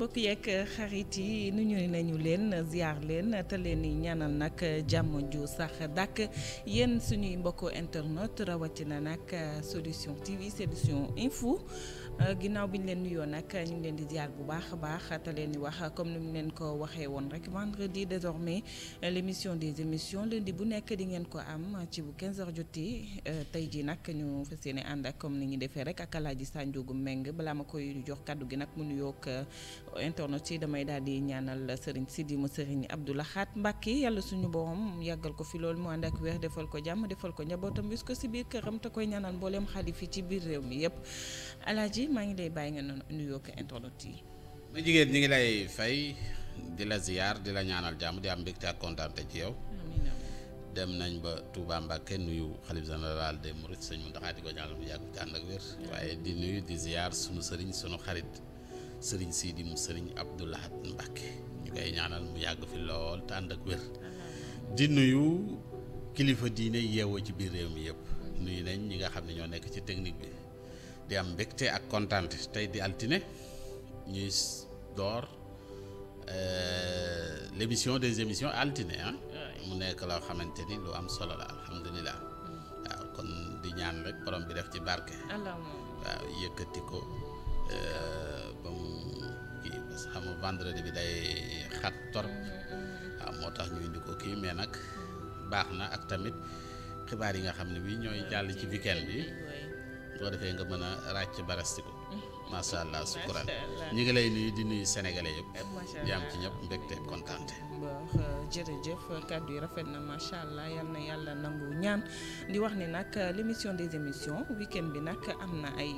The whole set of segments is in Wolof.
mbokk yeeg xarit yi nu ñuy nañu leen ziar leen te leen i ñaanal nag jàmm ju sax dàkk yéen suñuy mbokku internet na nag solution TV solution info. Euh, ginnaaw bi ñu leen nuyoo nag ñu ngi leen di ziar bu baax a baax te leen di wax comme ni mu leen ko waxee woon rek vendredi désormais l' émission des émissions lundi bu nekk di ngeen ko am ci bu 15h jotee euh, tey jii nag ñu fas yéene ànd ak comme ni ñu defee rek ak Alaaji Sanjoogu Meng balaa ma koy jox kaddu gi nag mu nuyoog euh, internet yi damay daal di ñaanal Serigne Sidi mu Serigne Abdou Lahad Mbacké yàlla suñu borom yàggal ko fi loolu mu ànd ak weer defal ko jàmm defal ko njabootam bis ko si biir këram te koy ñaanal mbooleem xalifi ci biir réew mi yëpp maa ngi lay bàyyi nga noonu nuyoo ko internet yi. ma jigéen ñi ngi lay fay di la ziyaar di la ñaanal jàmm di am mbégte ak kontaan ci yow. dem nañ ba Touba Mbacké nuyu xalif général des Mourides sëñ Mountakha di ko ñaanal mu yàgg ànd ak wér. waaye di nuyu di ziyaar sunu sëriñ sunu xarit sëriñ Sidi mu sëriñ Abdou Lahad ñu koy ñaanal mu yàgg fi lool te ànd ak wér. di nuyu kilifa diine yeewoo ci biir réew mi yëpp. nuyu nañ ñi nga xam ne ñoo nekk ci technique bi. di am mbégte ak kontaante tey di altine ñuy door euh, l' émission des émissions altine mu nekk loo xamante ni lu am solo la alhamdulilah waaw kon di ñaan rek borom bi def ci barke waaw yëkkati ko euh, ba mu kii parce vendredi bi day xat torop mm, mm, mm. waaw moo tax ñu indi ko kii mais nag baax na ak tamit xibaar yi nga xam ne bi ñooy jàll ci weekend bi boo defee nga mën a ràcc barastiku mm-hmm. macha allah sukuraan ñi ngi lay nuyu di nuyu sénégalais yëpp jaam ci ñëpp mbégte kontaante Demba jërëjëf kàddu yi rafet na macha allah yal na yàlla nangu ñaan di wax ne nag l' des émissions week-end bi nag am na ay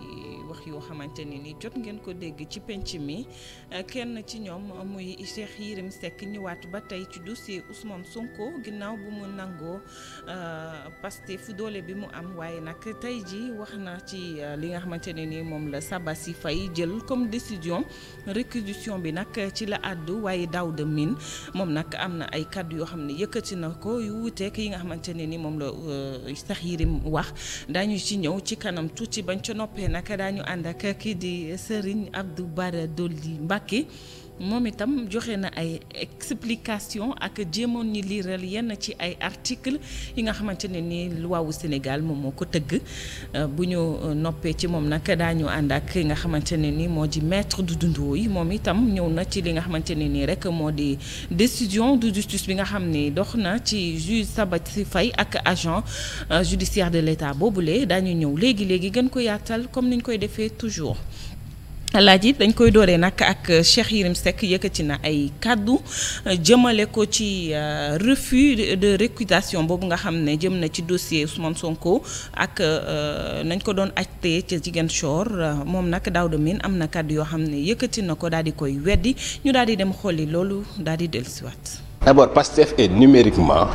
wax yoo xamante ne ni jot ngeen ko dégg ci penc mi kenn ci ñoom muy Cheikh Yérim Seck ñëwaat ba tey ci dossier Ousmane Sonko ginnaaw bu mu nangoo euh, Pastef doole bi mu am waaye nag tey ji wax na ci euh, li nga xamante ne ni moom la Sabasy Faye jël comme décision réquisition bi nag ci la àddu waaye Daouda Mine moom moom nag am na ay kàddu yoo xam ne yëkkati na ko yu wuuteek yi nga xamante ne ni moom la sax euh, yirim wax daañu ci ñëw ci kanam tuuti bañ ca noppee nag daañu ànd ak kii di Serigne Abdou Bara Dolly Mbacké moom itam joxe na ay explication ak jéemoon ñi liiral yenn ci ay article yi nga xamante ne ni loi wu Sénégal moom moo ko tëgg euh, bu ñu euh, noppee ci moom nag daañu ànd ak yi nga xamante ne ni moo di maître du dundoo yi moom itam ñëw na ci li nga xamante ne nii rek moo di décision de justice bi nga xam ni dox na ci juge si Faye ak agent euh, judiciaire de l'État boobu boobule daañu ñëw léegi léegi gën ko yaatal comme ni niñ koy defee toujours laaj yi dañ koy dooree nag ak Cheikh Yérim sekk yëkkati na ay kàddu jëmale ko ci euh, refus de récusation boobu nga xam ne jëm na ci dossier Ousmane Sonko ak euh, nañ ko doon acté ca Ziguinchor euh, moom nag Daouda Mine am na kàddu yoo xam ne yëkkati na ko daal di koy weddi ñu daal di dem xooli loolu daal di dellusiwaat. D'abord Pastef est numériquement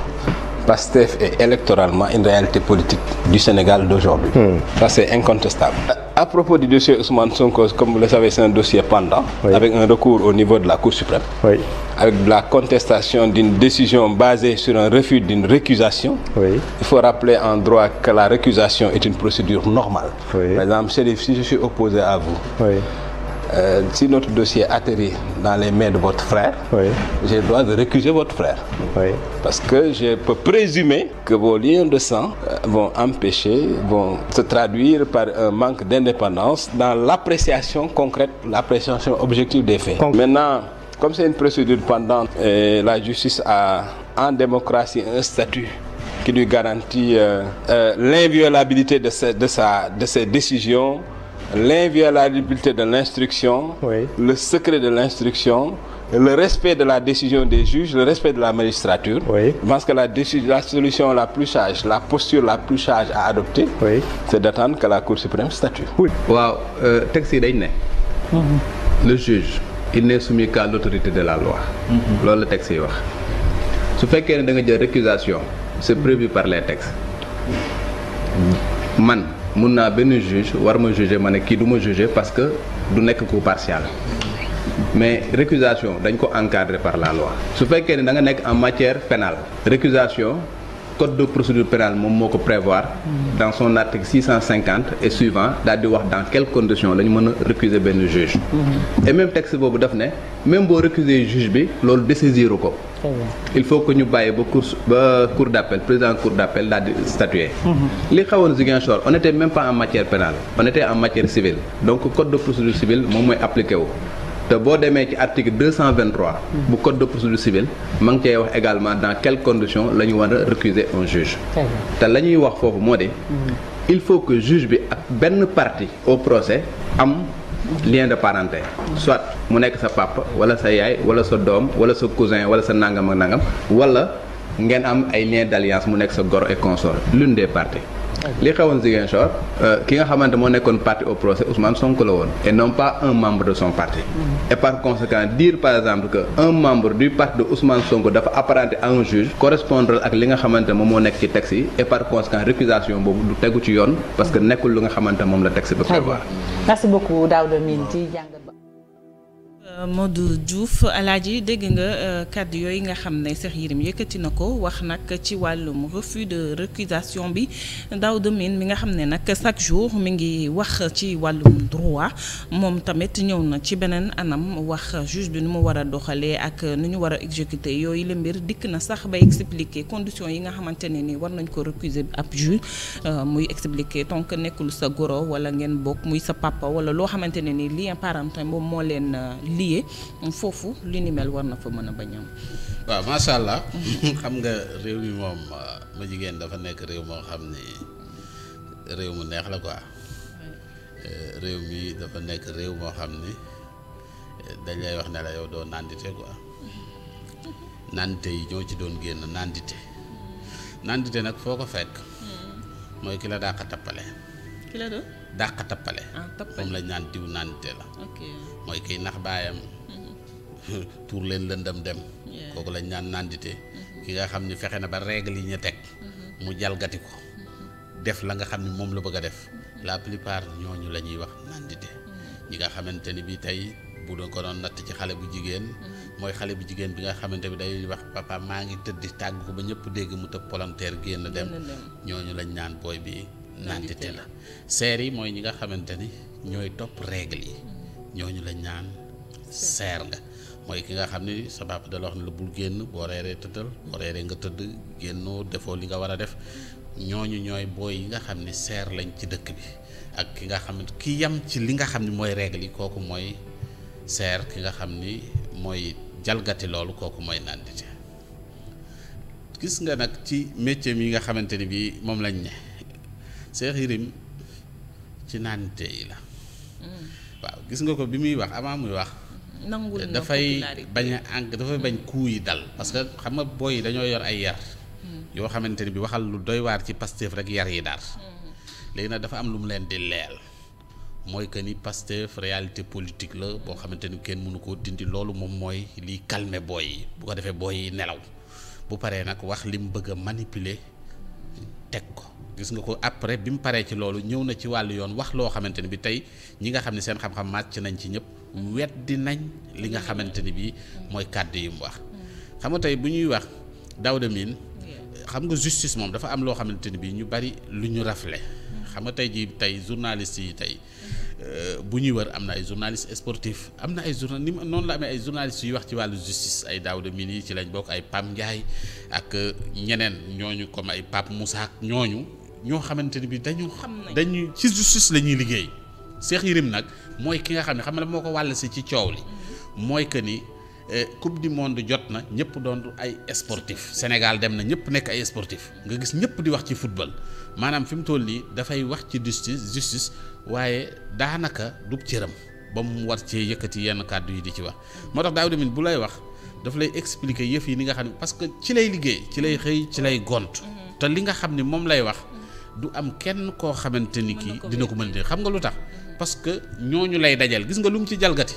PASTEF est électoralement une réalité politique du Sénégal d'aujourd'hui. Hmm. Ça, c'est incontestable. À, à propos du dossier Ousmane Sonko, comme vous le savez, c'est un dossier pendant, avec un recours au niveau de la Cour suprême, avec la contestation d'une décision basée sur un refus d'une récusation. Il faut rappeler en droit que la récusation est une procédure normale. Par exemple, si je suis opposé à vous, Euh, si notre dossier atterrit dans les mains de votre frère, oui. j'ai le droit de récuser votre frère. Oui. Parce que je peux présumer que vos liens de sang euh, vont empêcher, vont se traduire par un manque d'indépendance dans l'appréciation concrète, l'appréciation objective des faits. Concr Maintenant, comme c'est une procédure pendante, et euh, la justice a en démocratie un statut qui lui garantit euh, euh, l'inviolabilité de, ses, de, sa, de ses décisions l'inviolabilité de l'instruction, oui. le secret de l'instruction, le respect de la décision des juges, le respect de la magistrature. Oui. Je pense que la, la, solution la plus sage, la posture la plus sage à adopter, oui. c'est d'attendre que la Cour suprême statue. Oui. Wow. Euh, texte mhm. Le juge, il n'est soumis qu'à l'autorité de la loi. C'est mhm. le texte. Ce fait qu'il y a une récusation, c'est prévu par les textes. Mhm. mun naa benn juge war ma juger ma ne kii du ma juger parce que du nekk ku partial mais récusation dañ ko encadrer par la loi su fekkee ne da nga nekk en matière fenal récusation code de procédure pénale moom moo ko prévoir dans son article 650 et suivant daal di wax dans quelles conditions la mën a récuser benn juge mhm. et même texte boobu daf ne même boo récuser juge bi loolu désaisiru ko oh il faut que ñu bàyyi ba cour ba cour d'appel président cour d'appel daal di statuer mhm. li xawoon Ziguinchor on était même pas en matière pénale on en matière civile donc code de procédure civile moom mooy appliqué te boo demee ci article 223 bu code de procédure civile ma ngi cay wax également dans quelles conditions la ñu war a récuser un juge te la ñuy wax foofu moo de mm-hmm. il faut que juge bi ak benn partie au procès am lien de parenté soit mu nekk sa papa wala sa yaay wala sa doom wala sa cousin wala sa nangam ak nangam wala ngeen am ay lien d'alliance mu nekk sa goro et consort l'une des partie li xewoon Ziguinchor euh, ki nga xamante moo nekkoon parti au procès Ousmane Sonko la woon et non pas un membre de son parti mm. et par conséquent dire par exemple que un membre du parti de Ousmane Sonko dafa apparenté à un juge correspondre ak li nga xamante moom moo nekk du tegu ci yoon parce que nekkul ci jàngat ba Modou Diouf alaaji dégg nga euh, kàddu yooyu nga xam ne seex Yérim yëkkati na ko wax nag ci wàllum refus de récusation bi Daouda Mine mi nga xam ne nag chaque jour mi ngi wax ci wàllum droit moom tamit ñëw na ci beneen anam wax juge bi nu mu war a doxalee ak nu ñu war a exécuter yooyu la mbir dikk na sax ba expliquer conditions yi nga xamante ne ni war nañ ko récuser ab juge euh, muy expliquer donc nekkul sa goro wala ngeen bokk muy sa papa wala loo xamante lié foofu li ni war na fa mën a bañ am. waaw macha allah. Mhm. xam nga réew mi moom ma jigéen dafa nekk réew moo xam ni réew mu neex la quoi euh, réew mi dafa nekk réew moo xam ni euh, dañ lay wax ne yow doo nandite quoi mhm. nandite yi ñoo ci doon génn nandite mhm. nandite nag foo ko fekk. mooy ki la dàq tappale. ki doon. dàq ah, tappale moom lañ naan diw naante la mooy kiy nax baayam mm-hmm. tuur leen lëndëm dem kooku lañ naan nandite mm-hmm. ki nga xam ni fexe na ba règle yi ñu teg mm-hmm. mu jalgati ko def la nga xam ni moom la bëgg a def la plupart ñooñu la ñuy wax nandite ñi nga xamante ni bi tey bu doon ko doon natt ci xale bu jigéen mooy xale bu jigéen bi nga xamante bi day wax papa maa ngi tëdd tàgg ko ba ñëpp dégg mu tëb volontaire génn dem ñooñu lañ naan booy bi nandite la seer yi mooy ñi nga xamante ni ñooy topp règle yi ñooñu lañ naan seer nga mooy ki nga xam ne sa papa da la wax ne la bul génn boo reeree tëddal boo reeree nga tëdd génnoo defoo li nga war a def ñooñu ñooy booy yi nga xam ne seer lañ ci dëkk bi ak ki nga xam ne ki yam ci li nga xam ne mooy règle yi kooku mooy seer ki nga xam ni mooy jalgati loolu kooku mooy nandite gis nga nag ci métier mi nga xamante ni bii moom lañ ne Cheikh Yérim ci naante yi la waaw gis nga ko bi muy wax avant muy wax dafay bañ a dafay bañ kuu yi dal parce que xam nga booy yi dañoo yor ay yar yoo xamante ni bi waxal lu doy waar ci Pastef rek yar yi daar léegi nag dafa am lu mu leen di leel mooy que ni Pastef réalité politique la boo xamante ni kenn mënu koo dindi loolu moom mooy liy kalme booy yi bu ko defee booy yi nelaw bu paree nag wax li mu bëgg a manipuler teg ko gis nga ko après bi mu paree ci loolu ñëw na ci wàll yoon wax loo xamante ni bi tey ñi nga xam ne seen xam-xam màcc nañ ci ñëpp weddi nañ li nga xamante ni bi mooy kàddu yi mu wax xam nga tey bu ñuy wax Daouda Mine xam nga justice moom dafa am loo xamante ni bi ñu bari lu ñu rafle xam nga tey ji tey journaliste yi tey euh, bu ñuy wër am na ay journaliste sportif am na ay journal ni noonu la amee ay journaliste yuy wax ci wàllu justice ay Daouda Mine yi ci lañ bokk ay Pam Ndiaye ak euh, ñeneen ñooñu comme ay Pape Moussa ñooñu ñoo xamante ni bi dañu dañu ci justice la ñuy liggéey Cheikh Yérim nag mooy ki nga xam ne xam ne moo ko wàll si ci coow li mm-hmm. mooy que ni eh, coupe du monde jot na ñëpp doon ay sportif Sénégal dem na ñëpp nekk ay sportif nga gis ñëpp di wax ci football maanaam fi mu toll nii dafay wax ci justice justice waaye daanaka du cëram ba mu war cee yëkkati yenn kàddu yi di ci wax mm-hmm. moo tax daaw tamit bu lay wax daf lay expliquer yëf yi ni nga xam ne parce que ci lay liggéey ci lay xëy ci lay gont mm-hmm. te li nga xam ne moom lay wax. du am kenn koo xamante ni kii dina ko mën a xam nga lu tax parce que ñooñu lay dajal gis nga lu mu ci jalgati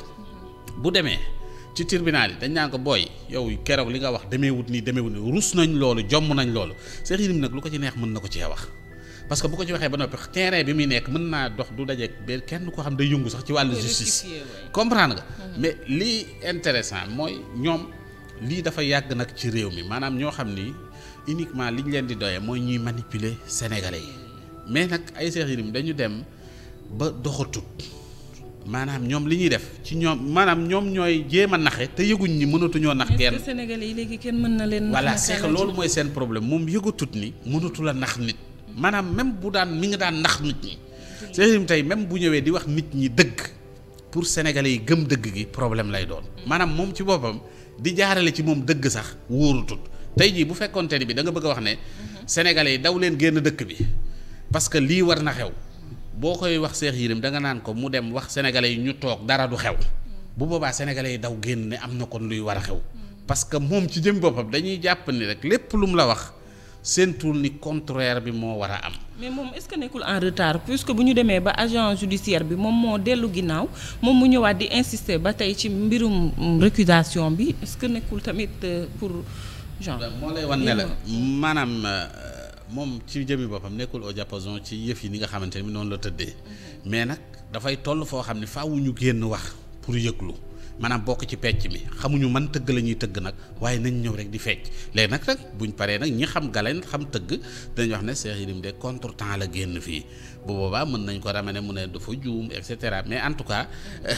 bu demee ci tribunal yi dañ naan ko booy yow keroog li nga wax demee wut nii demeewut nii rus nañ loolu jomm nañ loolu Cheikh Yérim nag lu ko ci neex mën na ko cee wax parce que bu ko ci waxee ba noppi terrain bi muy nekk mën naa dox du daje ba kenn koo xam day yëngu sax ci wàllu justice comprendre nga mais lii intéressant mooy ñoom lii dafa yàgg nag ci réew mi maanaam ñoo xam ni uniquement li ñu leen di doyee mooy ñuy manipuler sénégalais yi mais nag ay Cheikh Yérim dañu dem ba doxatut maanaam ñoom li ñuy def ci ñoom maanaam ñoom ñooy jéem a naxe te yëguñ ñi mënatuñoo nax kenn sénégalais yi léegi kenn mën na leen voilà c'est loolu mooy seen problème moom yëgatut ni mënatula a nax nit maanaam même bu daan mi nga daan nax nit ñi Cheikh tey même bu ñëwee di wax nit ñi dëgg pour sénégalais yi gëm dëgg gi problème lay doon mm. maanaam moom ci boppam di jaarale ci moom dëgg sax wóorutut tey jii bu fekkoonte ni bi da bëgg a wax ne sénégalais yi daw leen génn dëkk bi parce que lii war na xew boo koy wax Cheikh Yérim da nga naan ko mu dem wax sénégalais yi ñu toog dara du xew bu boobaa sénégalais yi daw génn ne am na kon luy war a xew parce que moom ci jëm boppam dañuy jàpp ni rek lépp lu mu la wax seentul ni contraire bi moo war a am. mais moom est-ce que nekkul en retard puisque bu ñu demee ba agent judiciaire bi moom moo dellu ginnaaw moom mu ñëwaat di insister ba tey ci mbirum récusation bi tamit euh, pour. genre moo lay wan ne la maanaam euh, moom ci jëmi boppam nekkul au ci yëf yi ni nga xamante ni noonu la tëddee mm-hmm. mais nag dafay toll foo xam ni faaw ñu génn wax pour yëglu maanaam bokk ci pecc mi xamuñu man tëgg la ñuy tëgg nag waaye nañ ñëw rek di fecc léegi nag nag buñ paree nag ñi xam galeen xam tëgg dañ wax ne Cheikh Yérim de contre temps la génn fii bu boobaa mën nañ ko ramener mu ne dafa juum et cetera mais en tout cas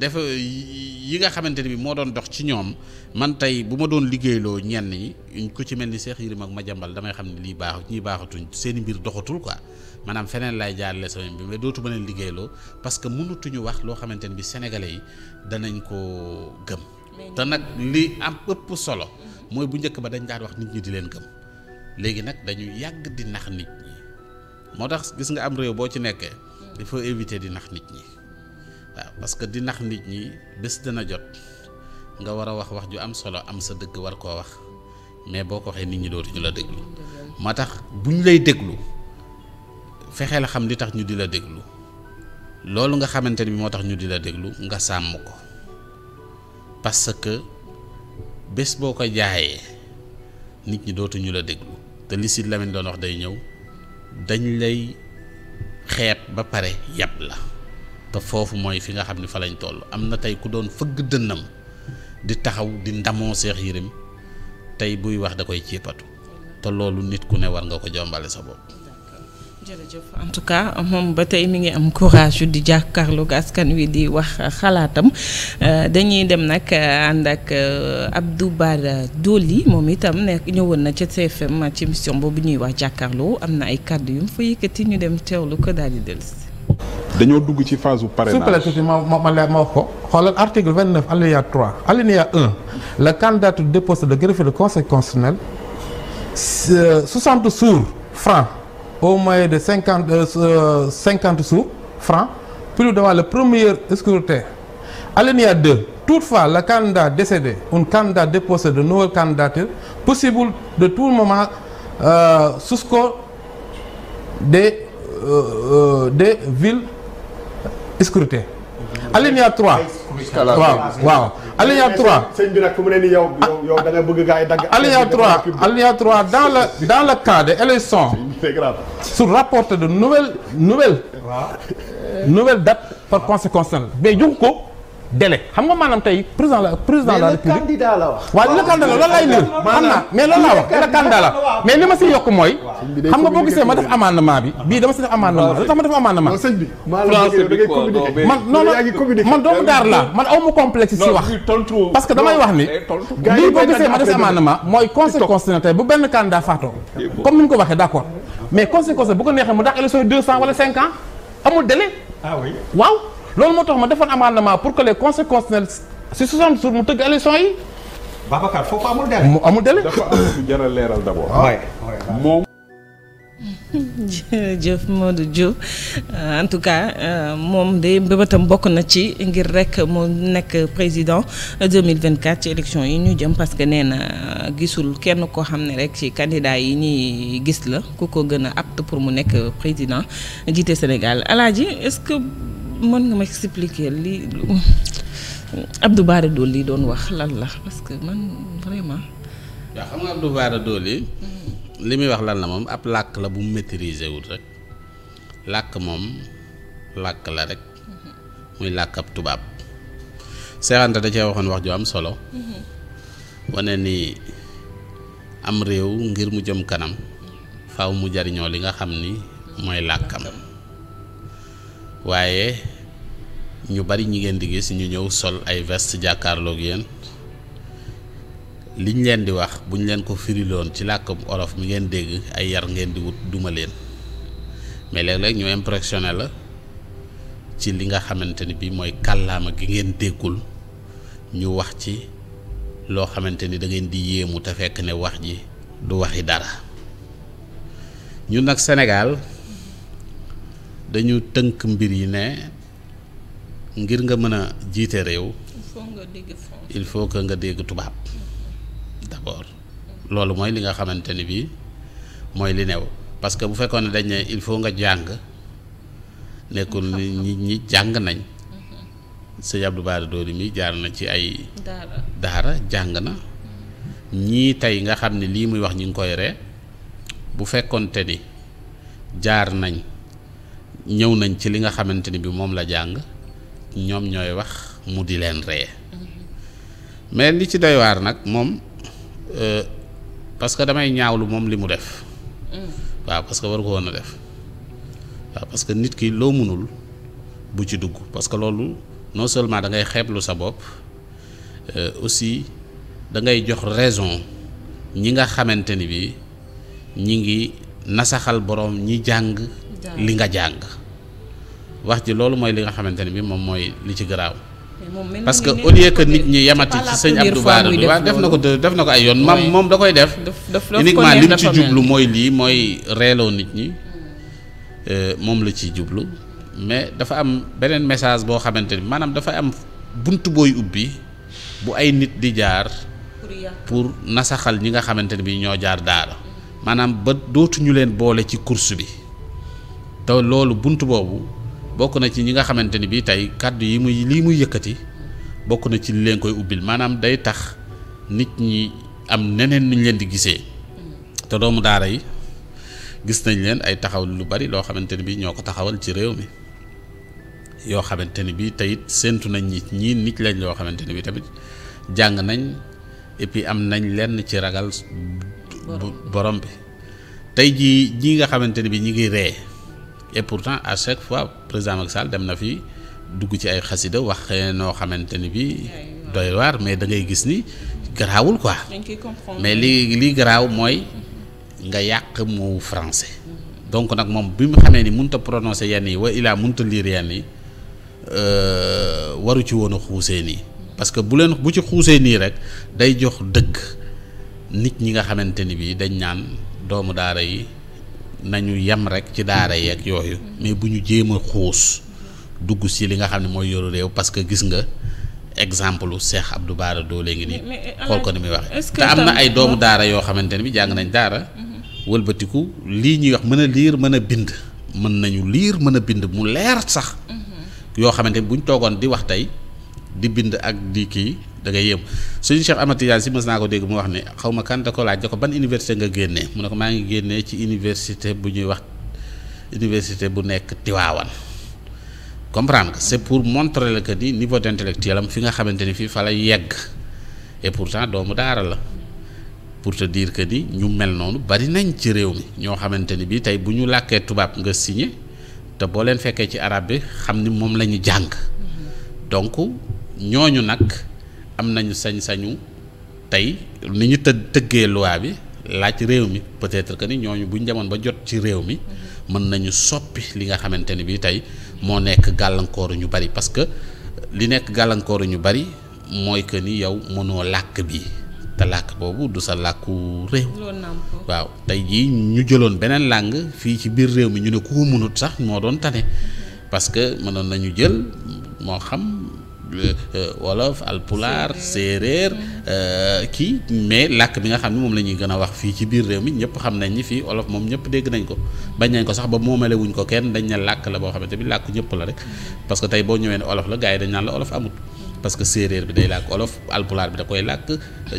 dafa yi nga xamante ni bi moo doon dox ci ñoom man tey bu ma doon liggéeyloo ñenn ñi ko ci mel ni Cheikh Yérim ak Madiambal damay xam ne lii baaxu ñii baaxatuñ seeni mbir doxatul quoi maanaam feneen laay jaarale sama bi mais dootu ba a liggéeyloo parce que mënutuñu wax loo xamante ne bi sénégalais yi danañ ko gëm. te nag li am ëpp solo. Mm-hmm. mooy bu njëkk ba dañ daan wax nit ñi di leen gëm. léegi nag dañu yàgg di nax nit ñi moo tax gis nga am réew boo ci nekkee mm. il foo éviter di nax nit ñi waaw parce que di nax nit ñi bés dana jot nga war a wax wax ju am solo am sa dëgg war koo wax mais boo ko waxee nit ñi dootuñu la déglu moo tax bu ñu lay déglu. fexee la xam li tax ñu di la déglu loolu nga xamante ni bi moo tax ñu di la déglu nga sàmm ko parce que bés boo ko jaayee nit ñi dootuñu la déglu te li si Lamine doon wax day ñëw dañ lay xeeb ba pare yàpp la te foofu mooy fi nga xam ni fa lañ toll am na tey ku doon fëgg dënnam di taxaw di ndamoo Seex Yérim tey buy wax da koy ciipatu te loolu nit ku ne war nga ko jombale sa bopp jërëjëf en tout cas moom ba tey mu ngi am courage di jàkkaarloog askan wi di wax xalaatam euh, dañuy dem nag euh, ànd ak euh, Abdou Bara Dolly moom itam nekk ñëwoon na ca TFM ci émission boobu ñuy wax jàkkaarloo am na ay kàddu yu mu fa yëkkati ñu dem teewlu ko daal di dellusi dañoo dugg ci phase su parrainage s'il ma ma ma wax ko xoolal article 29 alinéa 3 alinéa 1 le candidat dépose de greffe de conseil constitutionnel 60 sourds francs au moins de cinquante euh, euh, cinquante sous francs plus devant le premier scrutin. Alinéa 2. Toutefois, le candidat décédé, un candidat déposé de nouvelles candidatures, possible de tout moment euh, sous score des, euh, euh des villes scrutées. Alinéa 3. waaw alinéa 3 bi nag fu mu ne nii ah, alinéa 3 alinéa 3 dans le dans le cas de élection c'est grave su rapporté de nouvelle nouvelle. waaw nouvelle date par conséquence mais jóg ko. délai xam nga maanaam tey président la président la république candidat la wax waaw la candidat la loolu lay niru mais loolu laa wax mais li ma si yokk mooy xam nga bii dama si def amendement la tax ma def amendement sëñ man doomu daar laa man aw ma complexe wax parce damay wax ni lii boo gisee ma def si mooy conséquence na tey bu benn candidat faatoo comme ni mu ko waxee d'accord mais conséquence bu ko neexee mu daax élection yi deux cent wala cinq ans amul délai ah waaw loolu moo tax ma defoon amendement pour que les conseils constitutionnels si 60 jours mu tëgg élection yi. Babacar foofu amul délai. mu amul délai. Ah. moom. jërëjëf Modou Diop euh, en euh, de mbëbëtam bokk na ci ngir rek mu nekk président 2024 ci élection yi ñu jëm parce que nee na euh, gisul kenn koo xam ne rek ci candidat yi ñuy gis la ku ko gën a pour mu nekk président jiite Sénégal Alaaji est-ce que. mën nga ma expliquer li Abdou Bara Dolly yi doon wax lan la parce que man vraiment. waaw xam nga Abdou Bara Dolly yi hmm. li muy wax lan la moom ab làkk la bu mu maîtriser rek làkk moom làkk la rek hmm. muy làkk ab tubaab seexante da cee waxoon wax ju am solo. Hmm. wane ni am réew ngir mu jëm kanam faw mu jariñoo li nga xam ni mooy làkkam. waaye ñu bari ñi ngeen di gis ñu ñëw sol ay veste jàkkaarloog yéen liñ leen di wax buñ leen ko firiloon ci làkkum olof bi ngeen dégg ay yar ngeen di wut duma leen mais léeg-léeg ñu impressionné la ci li nga xamante ni bii mooy kàllaama gi ngeen déggul ñu wax ci loo xamante ni da ngeen di yéemu te fekk ne wax ji du waxi dara ñun nag Sénégal. dañu tënk mbir yi ne ngir nga mën a jiite réew il faut que nga dégg tubaab d'abord loolu mooy li nga xamante ni bii mooy li new parce que bu fekkoon ne dañ ne il faut nga jàng nekkul ni ñi jàng nañ sëñ Abdou Bara Dolly mi jaar na ci ay daara jàng na ñii tey nga xam ne lii muy wax ñi ngi koy ree bu fekkoonte ni jaar nañ ñëw nañ ci li nga xamante ni bi moom la jàng ñoom ñooy wax mu di leen reye mais li ci doy waar nag moom euh, parce que damay ñaawlu moom li mu def waaw parce que war a def waaw parce que nit ki loo mënul bu ci dugg parce que loolu non seulement da ngay xeeblu sa bopp euh, aussi da ngay jox raison ñi nga xamante ni bi ñi ngi nasaxal boroom ñi jàng li nga jàng wax ji loolu mooy li nga xamante ne bi moom mooy li ci garaaw parce que au lieu que nit ñi yemati ci sëñ Abdou Bara waaw def na ko def na ko ay yoon mam moom da koy def uniquement li mu ci jublu mooy lii mooy reeloo nit ñi mm. euh, moom la ciy jublu mais dafa am beneen message boo xamante ni maanaam dafa am bunt booy ubbi bu ay nit di jaar pour nasaxal ñi nga xamante ne bi ñoo jaar daara maanaam ba dootuñu leen boole ci course bi te loolu bunt boobu bokk na ci ñi nga xamante ni bii tey kàddu yi muy lii muy yëkkati bokk na ci li leen koy ubbil maanaam day tax nit ñi am neneen nuñ leen di gisee te doomu daara yi gis nañ leen ay taxaw lu bari loo xamante ni bii ñoo ko taxawal ci réew mi yoo xamante ni bii tey it séentu nañ nit ñii nit lañ loo xamante ni bii tamit jàng nañ et am nañ leen ci ragal borom bi tey jii ñii nga xamante ni bii ñi ngi ree et pourtant à chaque fois président Macky Sall dem na fi dugg ci ay xasida wax noo xamante ni bi doy waar mais da ngay gis ni garaawul quoi mais li lii garaaw mooy nga yàq mu français mm-hmm. donc nag moom bi mu xamee ni munta a prononcer yenn yi wa ilaa mënut a lire yenn yi euh, waru ci woon xuuse nii parce que bu leen bu ci xuusee nii rek day jox dëgg nit ñi nga xamante ni bii dañ naan doomu daara yi nañu yem rek ci daara yeeg yooyu mais bu ñu jéem a xuus dugg si li nga xam ne mooy yoru réew parce que gis nga exemple lu Cheikh Abdou Bara Dolé ngi ne euh, xool ko ni muy waxee te am na ay doomu daara yoo xamante ne bi jàng nañ daara. Mm-hmm. wëlbatiku lii ñuy wax mën a liir mën a bind. mën nañu liir mën a bind mu leer sax. Mm-hmm. yoo xamante ne bu ñu toogoon di wax tey di bind ak di kii. da ngay yëm suñu Cheikh Ahmad Tidiane si mës naa ko dégg mu wax ne xaw ma kan da ko laaj da ko ban université nga génnee mu ne ko maa ngi génnee ci université bu ñuy wax université bu nekk Tiwaawan comprendre que c'est pour montrer la que ni niveau d'intellectuel fi nga xamante ni fii fa la yegg et pourtant doomu daara la pour te diir que ni ñu mel noonu bari nañ ci réew mi ñoo xamante ni bii tey bu ñu làkkee tubaab nga signé te boo leen fekkee ci arab bi xam ni moom la ñu jàng mm-hmm. donc ñooñu nag. am nañu sañ-sañu tey ni ñu të tëggee loi bi laaj réew mi peut-être que ni ñooñu buñ demoon ba jot ci réew mi mën nañu soppi li nga xamante ni bii tey moo nekk gàllankooru ñu bari parce que li nekk gàllankooru ñu bari mooy que ni yow mënoo làkk bi te làkk boobu du sa làkku réew. waaw tey jii ñu jëloon beneen langue fii ci biir réew mi ñu ne ku ko mënut sax moo doon tane parce que mënoon nañu jël moo xam. Euh, wolof alpulaar séeréer euh, kii mais làkk bi nga xam ne moom la ñuy gën a wax fii ci biir réew mi ñëpp xam nañ ñi fii olof moom ñëpp dégg nañ ko bañ nañ ko sax ba moomale wuñ ko kenn dañ ne làkk la boo xamante bi làkk ñëpp la rek parce que tey boo ñëwee ne olof la gars yi dañ naan la olof amut parce séeréer bi day làkk olof alpulaar bi da koy làkk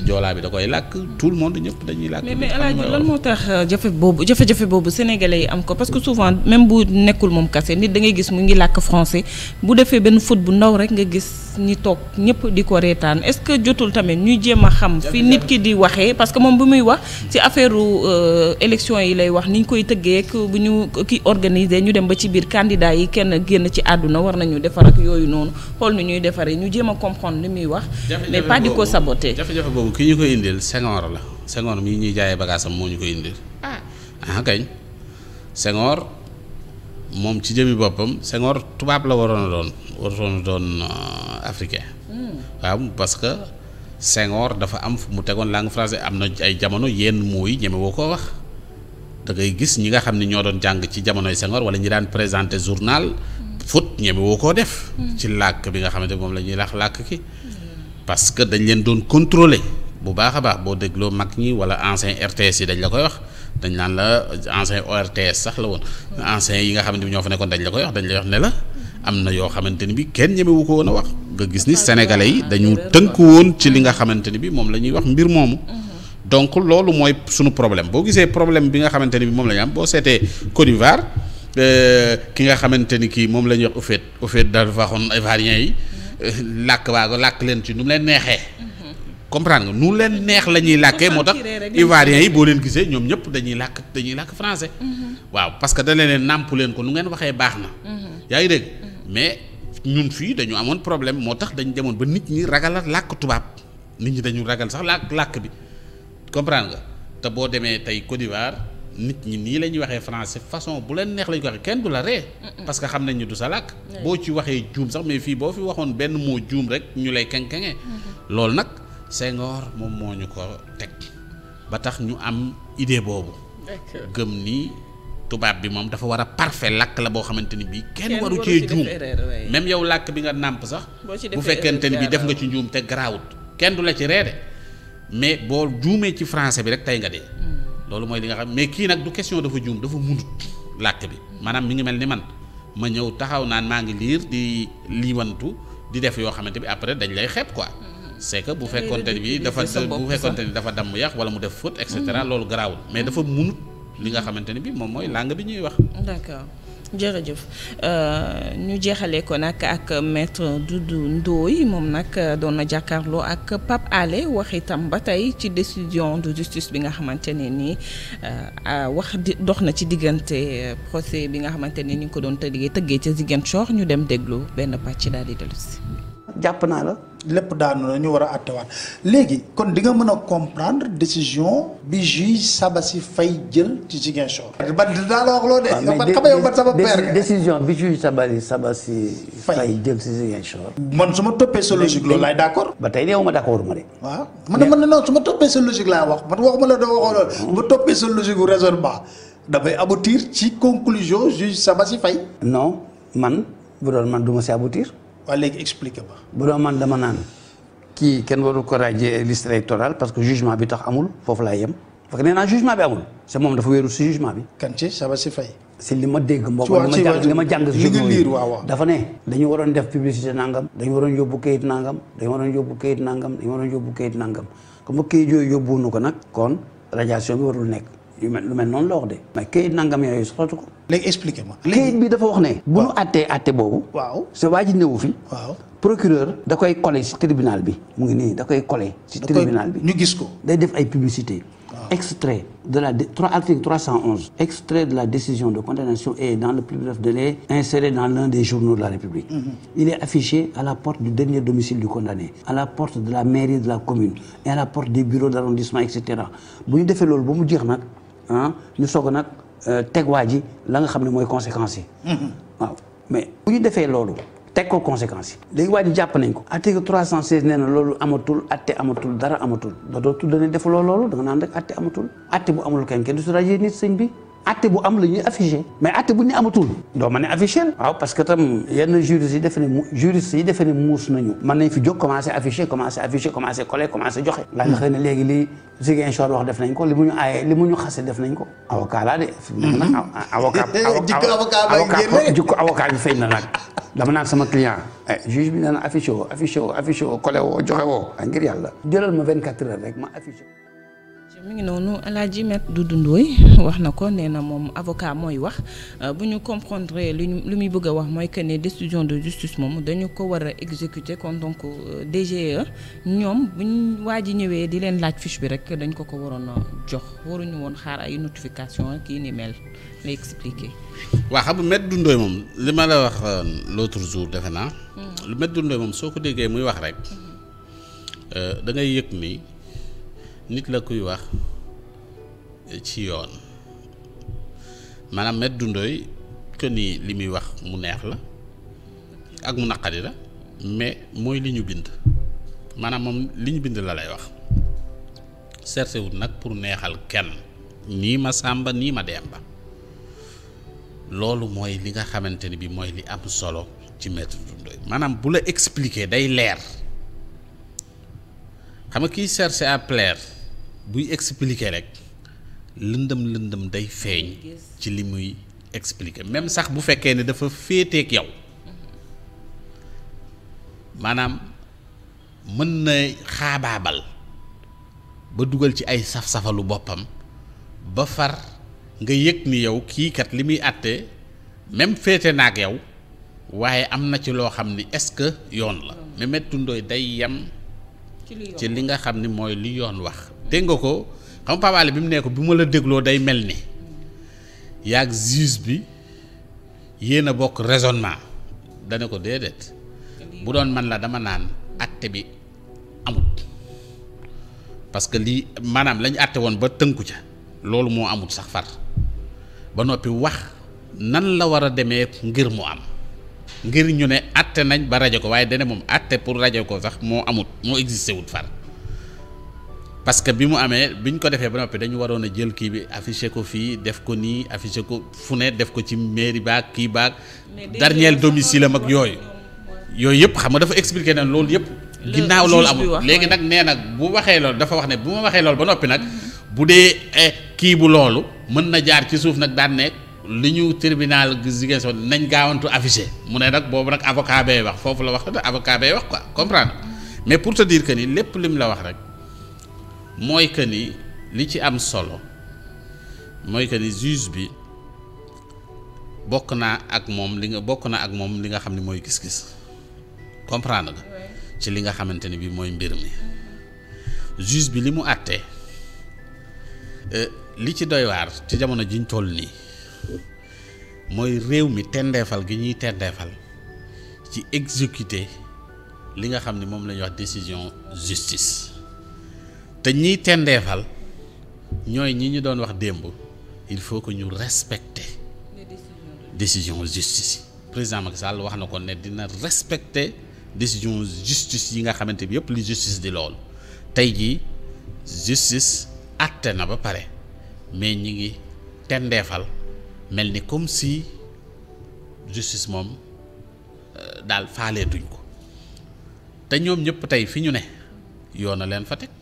joolaa bi da koy làkk tout le monde ñëpp dañuy làkk. mais mais El Hadj lan moo tax euh, jafe boobu jafe-jafe boobu sénégalais yi am ko parce que souvent même bu nekkul moom kase nit da ngay gis mu ngi làkk français bu defee benn foot bu ndaw rek nga gis ñi toog ñëpp di ko reetaan est-ce que jotul tamit ñuy jéem a xam. fi nit ki di waxee parce que moom bu muy wax ci affaire euh, élection yi lay wax ni ñu koy tëggee ak bu ñu ki organiser ñu dem ba ci biir kandidaa yi kenn génn ci àdduna war nañu defar ak yooyu noonu xool nu ñuy defaree ñu jéem a comprendre li muy wax. mais pas di ko saboter. boobu ki ñu ko indil Senghor la Senghor mii ñuy jaaye bagaasam moo ñu ko indil. Ah. Ah, moom ci jëmi boppam Senghor tubaab la waroon a doon waroon a doon euh, africain. Hmm. waaw parce que Senghor dafa am fu mu tegoon langue français am na ay jamono yenn mooy ñeme woo koo wax. dangay gis ñi nga xam ne ñoo doon jàng ci jamonoy Senghor wala ñi daan présenté journal. Hmm. foot ñeme woo koo def. Hmm. ci làkk bi nga xamante moom la ñuy laax làkk ki parce que dañ leen doon contrôler bu baax a baax boo dégloo mag ñi wala ancien RTS yi dañ la koy wax dañ naan la ancien ORTS sax la woon ancien yi nga xam ne ñoo fa nekkoon dañ la koy wax dañ lay wax ne la am na yoo xamante ni bi kenn ñemewu ko woon a wax nga gis ni sénégalais yi dañu tënk woon ci li nga xamante ni bi moom la ñuy wax mbir moomu donc loolu mooy suñu problème boo gisee problème bi nga xamante ni bi moom la am boo seetee Côte d'Ivoire euh, ki nga xamante ni kii moom la ñuy wax au fait au fait daal yi làkk waa ko làkk leen ci nu mu leen neexee. comprendre nga nu leen neex la ñuy làkkee moo tax ivoiriens yi boo leen gisee ñoom ñëpp dañuy làkk dañuy làkk français. Mhm. waaw parce que da leen nàmpu leen ko nu ngeen waxee baax na. Mhm. yaa ngi dégg mhm. mais ñun fii dañu amoon problème moo tax dañu demoon ba nit ñi ragal a làkk tubaab nit ñi dañu ragal sax làkk làkk bi comprendre nga te boo demee tey Côte d'Ivoire. nit ñi nii la ñuy waxee français façon bu leen neex la ñu ko waxee kenn du la ree parce que xam nañ ni du sa làkk boo ci waxee juum sax mais fii boo fi waxoon benn moo juum rek ñu lay kenkeŋee mm-hmm. loolu nag Senghor moom moo ñu ko teg ba tax ñu am idée boobu gëm ni tubaab bi moom dafa war a parfe làkk la boo xamante ni bii kenn waru ci juum même yow làkk bi nga nàmp sax bu fekkente ni bi def nga ci njuum te garaawut kenn du la ci reede mais boo juumee ci français bi rek tey nga dee loolu mooy li nga xam mais kii nag du question dafa juum dafa munut làkk bi maanaam mi ngi mel ni man ma ñëw taxaw naan maa ngi liir di liiwantu di def yoo xamante bi après dañ lay xeeb quoi c'est que bu fekkonte ni bi dafa bu fekkonte ni dafa damm yàq wala mu def faute et cetera mm-hmm. loolu garaawul mais dafa munut li nga xamante ni bi moom mooy langue bi ñuy wax jërëjëf euh, ñu jeexalee ko nag ak maître Doudou Ndoye moom nag doon na jàkkaarloo ak pap Alé wax itam ba tey ci décision de justice bi nga xamante ne nii euh, wax di dox na ci diggante euh, procès bi nga xamante ne ni ñu ko doon tëggee tëggee ca Ziguinchor ñu dem déglu benn pàcc daal di dellusi jàpp naa la. lépp daanu la ñu war a attewaat léegi kon di nga mën a comprendre décision bi saba si fay jël ci Ziguinchor. ban eh, dinaa la wax loo de. Ah, décision bi juge Sabassi Sabassi Faye jël ci Ziguinchor. man su ma toppee sa logique loolu laay d' ba tey de ma d' accord ma de. waaw man de man de non su ma toppee sa logique laa wax man waxuma la dama waxoo loolu. Mm. ma toppee sa logique gu raisonnement dafay aboutir ci conclusion saba si Faye. non man bu doon man du ma si aboutir. waa léegi expliqué ba. bu doon man dama naan kii kenn warul ko radier liste électorale parce que jugement bi tax amul foofu laay yem parce que nee naa jugement bi amul c'est moom dafa wéeru si jugement bi. si li ma dégg mbokk li ma jàng li ma jàng si dafa ne dañu waroon def publicité nangam dañu waroon yóbbu kayit nàngam dañu waroon yóbbu kayit nangam dañu waroon yóbbu kayit nàngam comme kayit yooyu yóbbuwunu ko nag kon radiation bi warul nekk lu mel noonu la de. mais kayit ko. léegi expliqué ma. bi dafa wax ne. bu nu àttee àtte boobu. waaw waa ji newu fi. procureur. da koy collé ci tribunal bi. mu ngi nii da koy collé. ci tribunal bi ñu gis ko. day def ay publicité extrait de la article 311 extrait de la décision de condamnation est dans le plus bref délai inséré dans l'un des journaux de la République mm il est affiché à la porte du dernier domicile du condamné à la porte de la mairie de la commune et à la porte des bureaux d'arrondissement et ah ñu soog nag euh, teg waa ji la nga xam ne mooy conséquences yi. Mm-hmm. waaw mais bu ñu defee loolu. teg koo conséquences yi. léegi waa jàpp nañ ko. article trois cent seize nee na loolu amatul atte amatul dara amatul ba doo tudd ne defuloo loolu da nga naan rek atte amatul atte bu amul kenn kenn du si rajee nit sëñ bi. atte bu am la ñuy affiché mais atte bu ñu amatul doo mën a affiché waaw parce que tam yenn juristes yi defe ne yi defe ne nañu mën nañ fi jóg commencé affiché commencé affiché commencé collé commencé joxe hmm. nga xëy na léegi li Ziguinchor wax def nañ ko li mu ñu aaye li mu ñu xase def nañ ko avocat laa de hmm. avocat jikko avocat bi feeñ na nag dama naan sama client eh, juge bi naan affiché woo affiché woo affiché woo collé woo joxe woo ngir yàlla jëlal ma 24 heures rek ma affiché mu ngi noonu Alaaji Maître du dundooy wax na ko nee na moom avocat mooy wax euh, bu ñu comprendre li ñu lu muy bëgg a wax mooy que ne décision de justice moom dañu ko war a exécuter kon donc euh, DGE ñoom bu ñu waa ji ñëwee di leen laaj fiche bi rek dañ ko ko waroon jox waruñu woon xaar ay notification kii ni mel lay expliquer. waa xam nga Maître moom li ma la wax euh, l'autre jour defe naa. lu hmm. Maître Doudou moom soo ko déggee muy wax rek. Hmm. da ngay yëg ni. nit la kuy wax ci yoon maanaam Maître Doudou que ni li muy wax mu neex la ak mu naqari la mais mooy li ñu bind maanaam moom li ñu bind la lay wax certes wut nag pour neexal kenn nii ma sàmba nii ma demba loolu mooy li nga xamante ni bi mooy li am solo ci Maître Doudou maanaam bu la expliquer day leer xam nga kiy chercher à plaire buy expliquer rek lëndëm lëndëm day feeñ ci li muy expliquer même sax bu fekkee ne dafa féeteek yow maanaam mën na xaabaabal ba dugal ci ay saf-safalu boppam ba far nga yëg ni yow kii kat li muy àtte même féete na ak yow waaye am na ci loo xam ni est-ce que yoon la Mame mm. Ndooy day yem ci li nga xam ni mooy li yoon wax dégg nga ko xam Pape bi mu nee ko bi ma la dégloo day mel ni yaag juge bi yéen a bokk raisonnement dana ko déedéet bu doon man la dama naan atte bi amut parce que lii maanaam lañ ñu àtte woon ba tënku ca loolu moo amut sax far ba noppi wax nan la war a demee ngir mu am ngir ñu ne àtte nañ ba rajo ko waaye dana moom àtte pour rajo ko sax moo amut moo existé wut far parce que bi mu amee bi ñu ko defee ba noppi dañu waroon a jël kii bi affiché ko fii def ko nii affiché ko fu ne def ko ci mairie baag kii baag dernier domicile am ak yooyu yooyu yëpp xam nga dafa expliqué ne loolu yëpp ginnaaw loolu amul léegi nag nee nag bu waxee loolu dafa wax ne bu waxee loolu ba noppi nag bu dee eh, kii bu loolu mën na jaar ci suuf nag daan li ñu tribunal Ziguinchor nañ gaawantu affiché mu ne nag boobu nag avocat bay wax foofu la wax avocat bay wax ko comprendre mm-hmm. mais pour te dire que ni lépp mu la wax rek mooy que ni li ci am solo mooy que ni juge bi bokk naa ak moom li nga bokk naa ak moom li nga xam ni mooy gis-gis comprendre nga ci li nga xamante ni bii mooy mbir mi juge bi li mu àttee euh, li ci doy ci jamono jiñ toll nii mooy réew mi tendeefal gi ñuy tendeefal ci exécuter li nga xam ne moom la wax décision justice te ñiy tendeefal ñooy ñi ñu doon wax démb il faut que ñu respecter décision justice président Macky Sall wax na ko ne dina respecter décision justice yi nga xamante bi yëpp li justice di loolu tey jii justice àtte na ba pare mais ñi ngi tendeefal mel ni comme si justice moom euh, daal faaleetuñ ko te ñoom ñëpp tey fi ñu ne yoon leen fa teg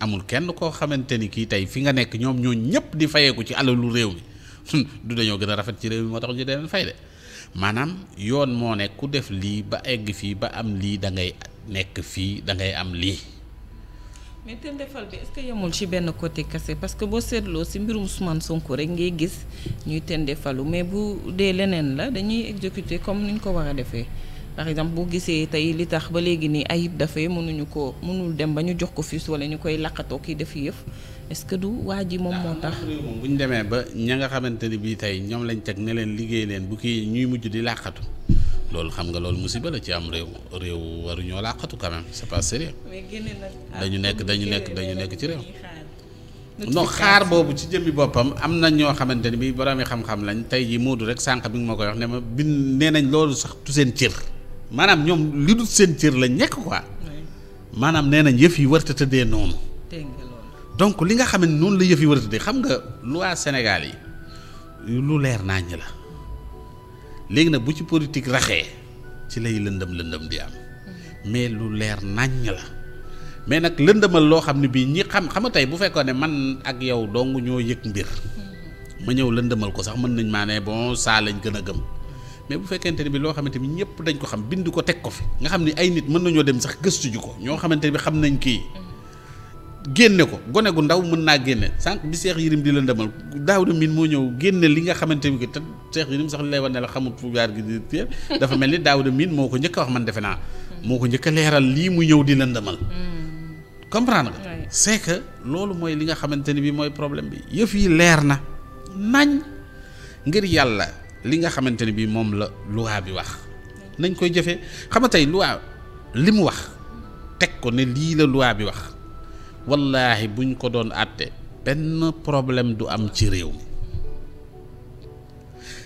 amul kenn koo xamante ni kii tey fi nga nekk ñoom ñooñ ñëpp di fayeeku ci alalu réew mi du dañoo gën a rafet ci réew mi moo tax ñu deen fay de maanaam yoon moo ne ku def lii ba egg fii ba am lii da ngay nekk fii da ngay am lii. mais te ndefal bi est-ce ci benn côté kese parce que boo seetloo ci mbirum Ousmane Sonko rek ngay gis ñuy tendefalu mais bu dee leneen la dañuy exécuter comme ni ñu ko war a defee. par exemple boo gisee tey li tax ba léegi nii ayib dafay mënuñu ko mënul dem ba ñu jox ko fii wala ñu koy laqatoo kii def yëf est-ce que du waa ji moom moo tax. bu ñu demee ba ña nga xamante ni bii tey ñoom lañ teg ne leen liggéey leen bu kii ñuy mujj di làqatu loolu xam nga loolu mu musiba la ci am réew réew waruñoo làqatu quand même c'est pas sérieux ah, dañu nekk dañu nekk dañu nekk ci réew. non xaar boobu ci jëmmi boppam am na ñoo xamante ni bi boroomi xam-xam lañ tey ji Moodu rek sànq bi ma koy wax ne ma bind nee nañ loolu sax tu seen cër. maanaam ñoom li dul seen cër lañ nekk quoi maanaam nee nañ yëf yi warta tëddee noonu donc li nga xam ne noonu la yëf yi warta tëddee xam nga lu loi Sénégal yi lu leer nàññ la léegi nag bu ci politique raxee ci lay lëndëm lëndëm di am mm-hmm. mais lu leer naññ la mais nag lëndëmal loo xam ne bii ñi xam xam nga tey bu fekkoon ne man ak yow dong ñoo yëg mbir mm-hmm. ma ñëw lëndëmal ko sax mën nañ maa ne bon saa lañ gën a gëm mais bu fekkente ne bi loo xamante ni ñëpp dañ ko xam bind ko teg ko fi nga xam ni ay nit mën nañoo dem sax gëstu ji ko ñoo xamante ni bi xam nañ kii génne ko gone gu ndaw mën naa génne sànq bi Cheikh Yérim di la demal daaw de miin moo ñëw génne li nga xamante ni que te Cheikh Yérim sax lay wan ne la xamut fu jaar gi di dafa mel ni daaw de moo ko njëkk a wax man defe naan moo ko njëkk a leeral lii mu ñëw di la demal hmm. comprendre nga c'est loolu mooy li nga xamante ni bi mooy problème bi yëf yi leer na nañ ngir yàlla li nga xamante ne bii moom la loi bi wax nañ koy jëfee xam nga tey loi li mu wax teg ko ne lii la loi bi wax wallaahi buñ ko doon àtte benn problème du am ci réew mi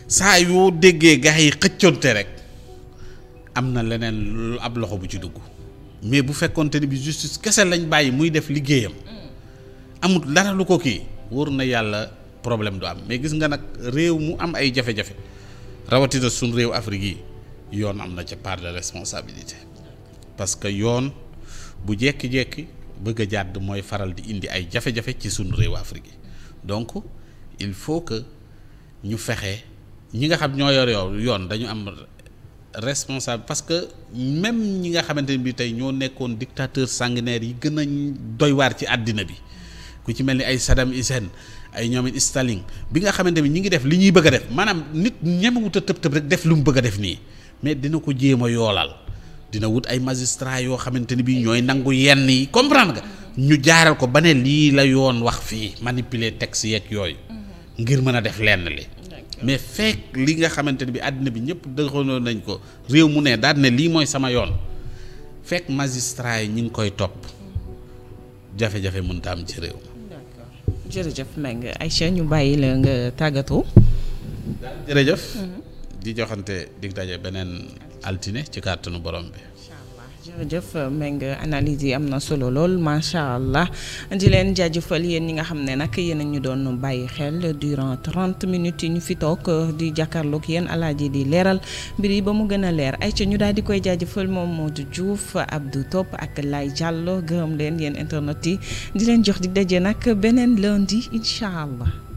saa yoo déggee gaa yi xëccoonte rek am na leneen ab loxo bu ci dugg mais bu fekkonte ni bi justice kese lañ bàyyi muy def liggéeyam mm. amut dara ko kii wóor na yàlla. problème du am mais gis nga nag réew mu am ay jafe-jafe rawatina suñ réew Afrique yi yoon am na ca part de responsabilité parce que yoon bu jekki-jekki bëgg a jàdd mooy faral di indi ay jafe-jafe ci suñ réew Afrique yi donc il faut que ñu fexe ñi nga xam ñoo yor yoon dañu am responsable parce que même ñi nga xamante ne bi tey ñoo nekkoon dictateur sanguinaire yi gën a doy waar ci àddina bi ku ci mel ni ay Saddam Hussein ay ñoom stalin bi nga xamante ni ñu ngi def li ñuy bëgg a def maanaam nit ñemewut a tëb tëb rek def lu mu bëgg def nii mais dina ko jéem a yoolal dina wut ay magistrat yoo xamante ni bii ñooy nangu yenn yi comprendre ga ñu jaaral ko ba ne lii la yoon wax fii manipuler texte yeeg yooyu ngir mën a def lenn li mais fekk li nga xamante ni bi àddina bi ñëpp dëxoonoo nañ ko réew mu ne daal ne lii mooy sama yoon fekk magistrat yi ñu ngi koy topp jafe-jafe mënta am ci réew jërëjëf Mbengue Aïcha ñu bàyyi la nga tàggatoo. jërëjëf. Mhm. di joxante dig daje beneen altine ci kàttanu borom bi. jërëjëf Mbengue analyse yi am na solo lool macha allah di leen jaajëfal yéen ñi nga xam ne nag yéen a ñu doon bàyyi xel durant trente minutes yi ñu fi toog di jàkkaarloog yéen alaaji di leeral mbir yi ba mu gën a leer ay ca ñu daal di koy jaajëfal moom moo Modou Diouf Abdou topp ak Lay Diallo gërëm leen yéen internet yi di leen jox di daje nag beneen lundi incha allah.